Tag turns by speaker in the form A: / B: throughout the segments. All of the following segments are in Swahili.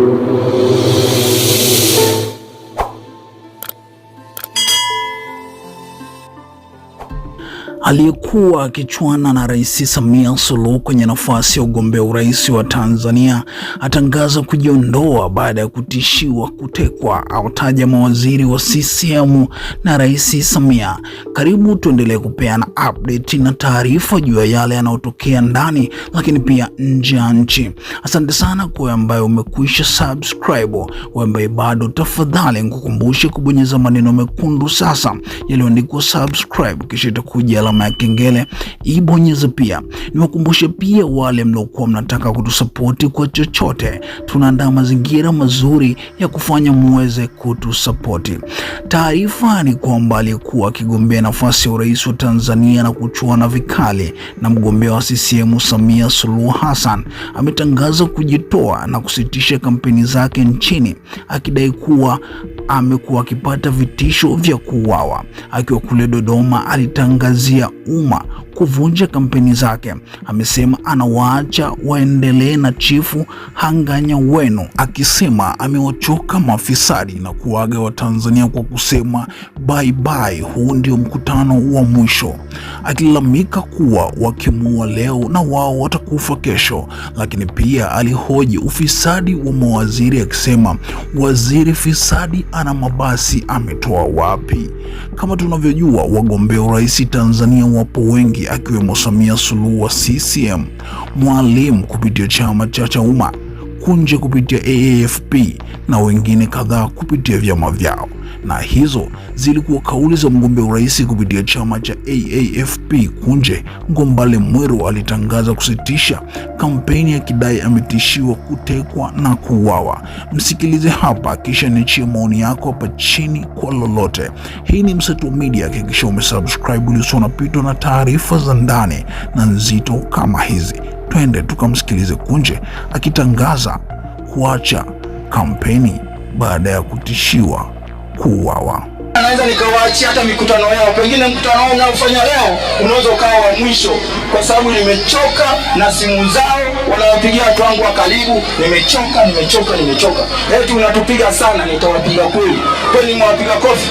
A: Senhor. aliyekuwa akichuana na Rais Samia Suluhu kwenye nafasi ya ugombea urais wa Tanzania atangaza kujiondoa baada ya kutishiwa kutekwa, autaja mawaziri wa CCM na Rais Samia. Karibu tuendelee kupeana update na taarifa juu ya yale yanayotokea ndani lakini pia nje ya nchi. Asante sana kwa ambaye umekwisha subscribe, kwa ambaye bado, tafadhali nikukumbushe kubonyeza maneno mekundu sasa yaliyoandikwa subscribe, kisha itakuja alama alama ya kengele ibonyeze. Pia niwakumbushe pia wale mliokuwa mnataka kutusapoti kwa chochote, tunaandaa mazingira mazuri ya kufanya muweze kutusapoti. Taarifa ni kwamba aliyekuwa akigombea nafasi ya urais wa Tanzania na kuchuana vikali na mgombea wa CCM Samia Suluhu Hassan ametangaza kujitoa na kusitisha kampeni zake nchini akidai kuwa amekuwa akipata vitisho vya kuuawa. Akiwa kule Dodoma, alitangazia uma, kuvunja kampeni zake. Amesema anawaacha waendelee na Chifu Hanganya Wenu, akisema amewachoka mafisadi na kuaga Watanzania kwa kusema bye bye, huu ndio mkutano wa mwisho, akilalamika kuwa wakimuua leo na wao watakufa kesho. Lakini pia alihoji ufisadi wa mawaziri akisema waziri fisadi ana mabasi ametoa wapi? Kama tunavyojua wagombea urais Tanzania wapo wengi akiwemo Samia Suluhu wa CCM, Mwalimu kupitia chama cha Chauma, Kunje kupitia AAFP na wengine kadhaa kupitia vyama vyao na hizo zilikuwa kauli za mgombea urais kupitia chama cha AAFP Kunje Ngombale Mwiru alitangaza kusitisha kampeni akidai ametishiwa kutekwa na kuuawa. Msikilize hapa kisha niachie maoni yako hapa chini kwa lolote. Hii ni Mseto Media, hakikisha umesubscribe ili usipitwe na taarifa za ndani na nzito kama hizi. Twende tukamsikilize Kunje akitangaza kuacha kampeni baada ya kutishiwa kuuawa.
B: Naweza nikawaachia hata mikutano yao, pengine mkutano wao unaofanya leo unaweza ukawa wa mwisho, kwa sababu nimechoka na simu zao wanawapigia watu wangu wa karibu. Nimechoka, nimechoka, nimechoka. Eti unatupiga sana, nitawapiga kweli kweli, nimewapiga kofi.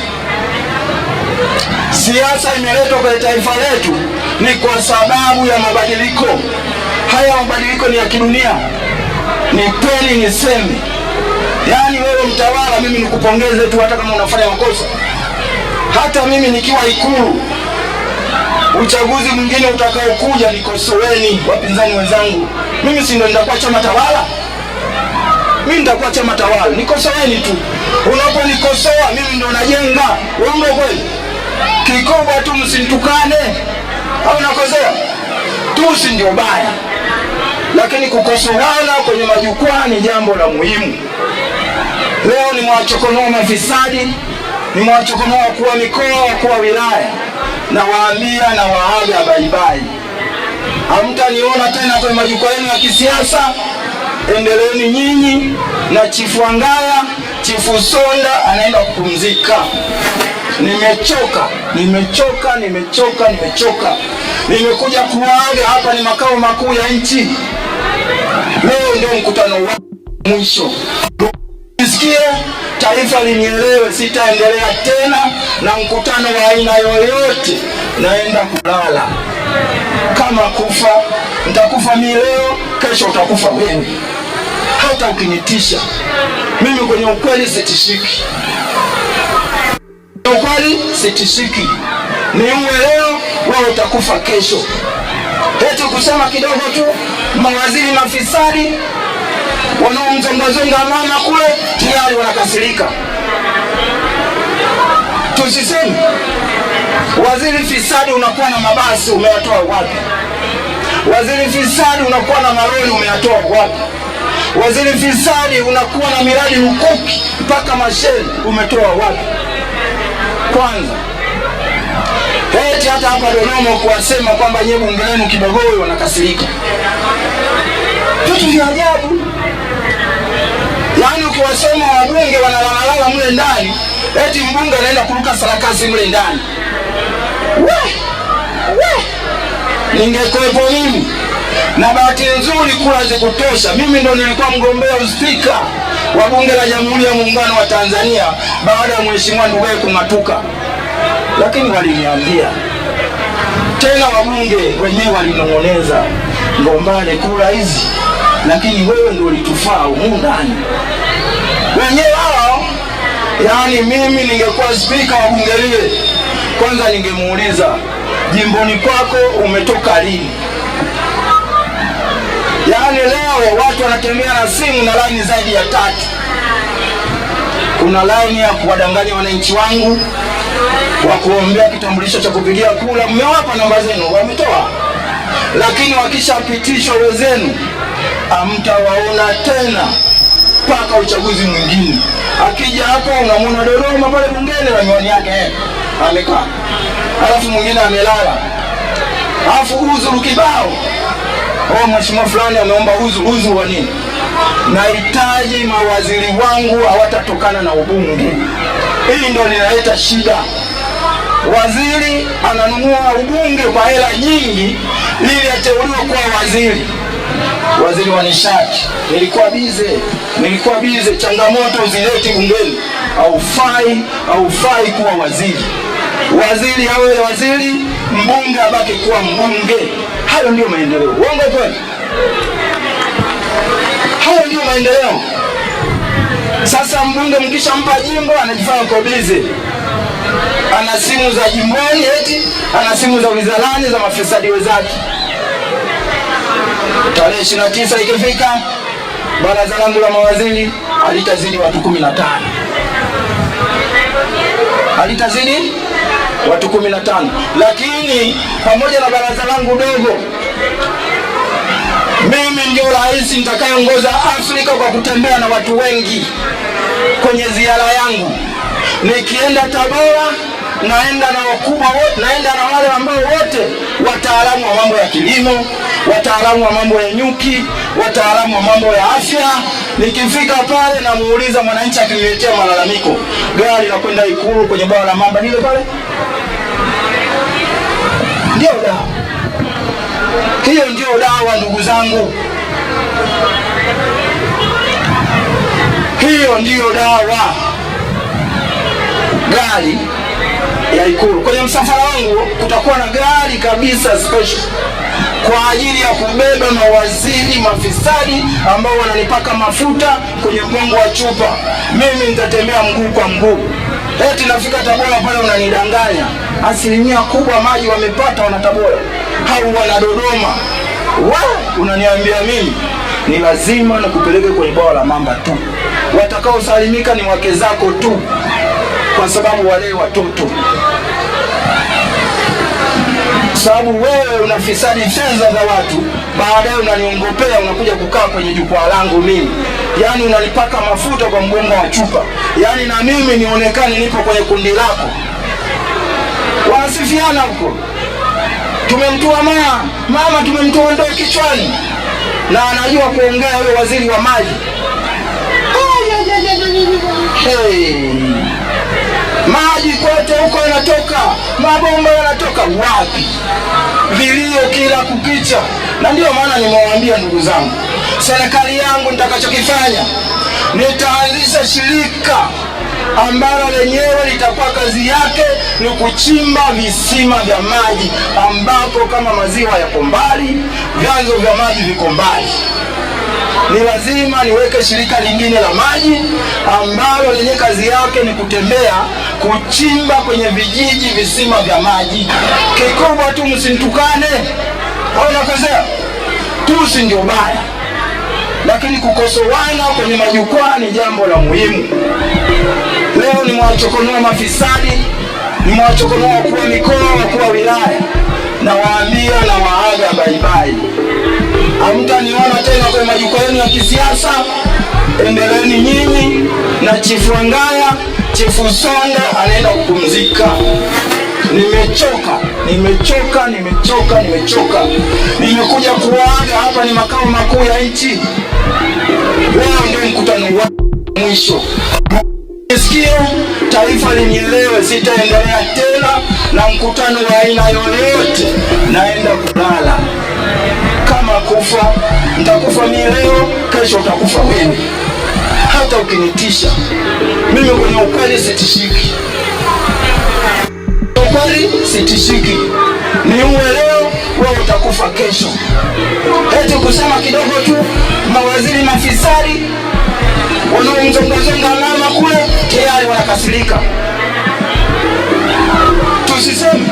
B: Siasa imeletwa kwenye taifa letu ni kwa sababu ya mabadiliko haya. Mabadiliko ni ya kidunia, ni kweli, ni semi yani mtawala, mimi nikupongeze tu, hata kama unafanya makosa. Hata mimi nikiwa Ikulu, uchaguzi mwingine utakaokuja, nikosoweni wapinzani wenzangu. Mimi si ndo nitakuwa chama tawala? Mimi nitakuwa chama tawala, nikosoweni tu. Unaponikosoa mimi ndo najenga, uongo kweli? Kikubwa tu msinitukane, au nakosea? Tusi ndio baya, lakini kukosoana kwenye majukwaa ni jambo la muhimu. Leo nimewachokonoa mafisadi, nimewachokonoa wakuu mikoa, wakuu wa wilaya, na waambia na waaga baibai. Hamtaniona tena kwenye majukwaa yenu ya kisiasa. Endeleeni nyinyi na Chifu Angaya, Chifu Sonda anaenda kupumzika. Nimechoka, nimechoka, nimechoka, nimechoka. Nimekuja kuwaaga hapa, ni makao makuu ya nchi. Leo ndio mkutano wa mwisho linisikie, taifa linielewe. Sitaendelea tena na mkutano wa aina yoyote, naenda kulala. Kama kufa nitakufa mimi leo, kesho utakufa wewe. Hata ukinitisha mimi, kwenye ukweli sitishiki, kwenye ukweli sitishiki. Niuwe leo, wewe utakufa kesho. Eti kusema kidogo tu, mawaziri mafisadi wanaomzongazonga mama kule serikali wanakasirika. Tusisemi waziri fisadi unakuwa na mabasi umeyatoa wapi? Waziri fisadi unakuwa na malori umeyatoa wapi? Waziri fisadi unakuwa na miradi hukuki mpaka masheli umetoa wapi? Kwanza eti hata hapa Dodoma kuwasema kwamba nyewe bunge lenu wanakasirika, vitu vya ajabu ukiwasoma wabunge wanalalala mle ndani, eti mbunge anaenda kuruka sarakasi mle ndani. Ningekuwepo mimi na bahati nzuri kula zikutosha, mimi ndo nilikuwa mgombea uspika wa bunge la Jamhuri ya Muungano wa Tanzania baada ya mheshimiwa Ndugai kung'atuka, lakini waliniambia tena, wabunge wenyewe walinong'oneza, ngombane kula hizi, lakini wewe ndio ulitufaa humu ndani wenyewe hao. Yaani mimi ningekuwa spika wa bunge lile, kwanza ningemuuliza jimboni kwako umetoka lini? Yaani leo watu wanatembea na simu na laini zaidi ya tatu. Kuna laini ya kuwadanganya wananchi wangu wa kuombea kitambulisho cha kupigia kula, mmewapa namba zenu, wametoa, lakini wakishapitishwa wezenu, amtawaona tena mpaka uchaguzi mwingine. Akija hapo unamwona Dodoma pale bungeni na miwani yake eh, amekaa, alafu mwingine amelala, alafu uzuru kibao. Oh, mheshimiwa fulani ameomba uzuru. Uzuru wa nini? Nahitaji mawaziri wangu hawatatokana na ubunge. hii ndio linaleta shida. Waziri ananunua ubunge kwa hela nyingi ili ateuliwe kuwa waziri waziri wa nishati, nilikuwa bize, nilikuwa bize, changamoto zileti bungeni. Haufai, haufai kuwa waziri. Waziri awe waziri, mbunge abaki kuwa mbunge. Hayo ndio maendeleo. Uongo kweli? Hayo ndio maendeleo. Sasa mbunge mkishampa jimbo anajifanya bize ana simu za jimboni, eti ana simu za wizarani za mafisadi wenzake. Tarehe 29 ikifika, baraza langu la mawaziri halitazidi watu 15, halitazidi watu 15. Lakini pamoja na baraza langu dogo, mimi ndio rais nitakayeongoza Afrika kwa kutembea na watu wengi kwenye ziara yangu nikienda Tabora naenda na wakubwa wote, naenda na wale ambao wote wataalamu wa mambo ya kilimo, wataalamu wa mambo ya nyuki, wataalamu wa mambo ya afya. Nikifika pale namuuliza mwananchi, akiniletea malalamiko, gari la kwenda Ikulu kwenye bwawa la mamba nile pale, ndio dawa hiyo, ndio dawa ndugu zangu, hiyo ndiyo dawa gari ya Ikulu. Kwenye msafara wangu kutakuwa na gari kabisa special kwa ajili ya kubeba mawaziri mafisadi ambao wananipaka mafuta kwenye mgongo wa chupa. Mimi nitatembea mguu kwa mguu. Eti nafika Tabora pale unanidanganya. Asilimia kubwa maji wamepata wana Tabora au wana Dodoma. Wewe unaniambia mimi ni lazima nikupeleke kwenye bwawa la mamba tu. Watakaosalimika ni wake zako tu kwa sababu walee watoto, sababu wewe unafisadi fedha za watu, baadaye unaniongopea, unakuja kukaa kwenye jukwaa langu mimi, yaani unalipaka mafuta kwa mgongo wa chupa, yaani na mimi nionekane nipo kwenye kundi lako, wanasifiana huko tumemtoa mama mama, tumemtoa ndoo kichwani, na anajua kuongea huyo waziri wa maji. Hey maji kwote huko yanatoka, mabomba yanatoka wapi? Vilio kila kukicha, na ndiyo maana nimewaambia ndugu zangu, serikali yangu nitakachokifanya, nitaanzisha shirika ambalo lenyewe litakuwa kazi yake ni kuchimba visima vya maji, ambapo kama maziwa yako mbali, vyanzo vya maji viko mbali ni lazima niweke shirika lingine la maji ambalo lenye kazi yake ni kutembea kuchimba kwenye vijiji visima vya maji. Kikubwa tu msintukane, au nakosea, tusi ndio baya, lakini kukosoana kwenye majukwaa ni jambo la muhimu. Leo nimewachokonoa mafisadi, nimewachokonoa wakuu wa mikoa, wakuu wa wilaya, na waambia na waaga bye hamtaniona tena kwa majukwaa yenu ya kisiasa. Endeleeni nyinyi na Chifu Ngaya, Chifu Songa anaenda kupumzika. Nimechoka, nimechoka, nimechoka, nimechoka. Nimekuja kuwaaga hapa, ni makao makuu ya nchi. Wao ndio mkutano wa mwisho. Sikio taifa linielewe, sitaendelea tena na mkutano wa aina yoyote. Naenda kulala nitakufa, nitakufa mimi leo, kesho utakufa wewe. Hata ukinitisha mimi kwenye ukweli sitishiki, ukweli sitishiki. uwe leo, wewe utakufa kesho. Eti kusema kidogo tu, mawaziri mafisari wanaomzongazonga mama kule tayari wanakasirika, tusiseme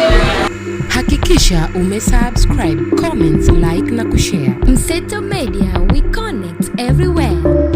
B: Hakikisha ume subscribe, comment, like na kushare. Mseto Media, we connect everywhere.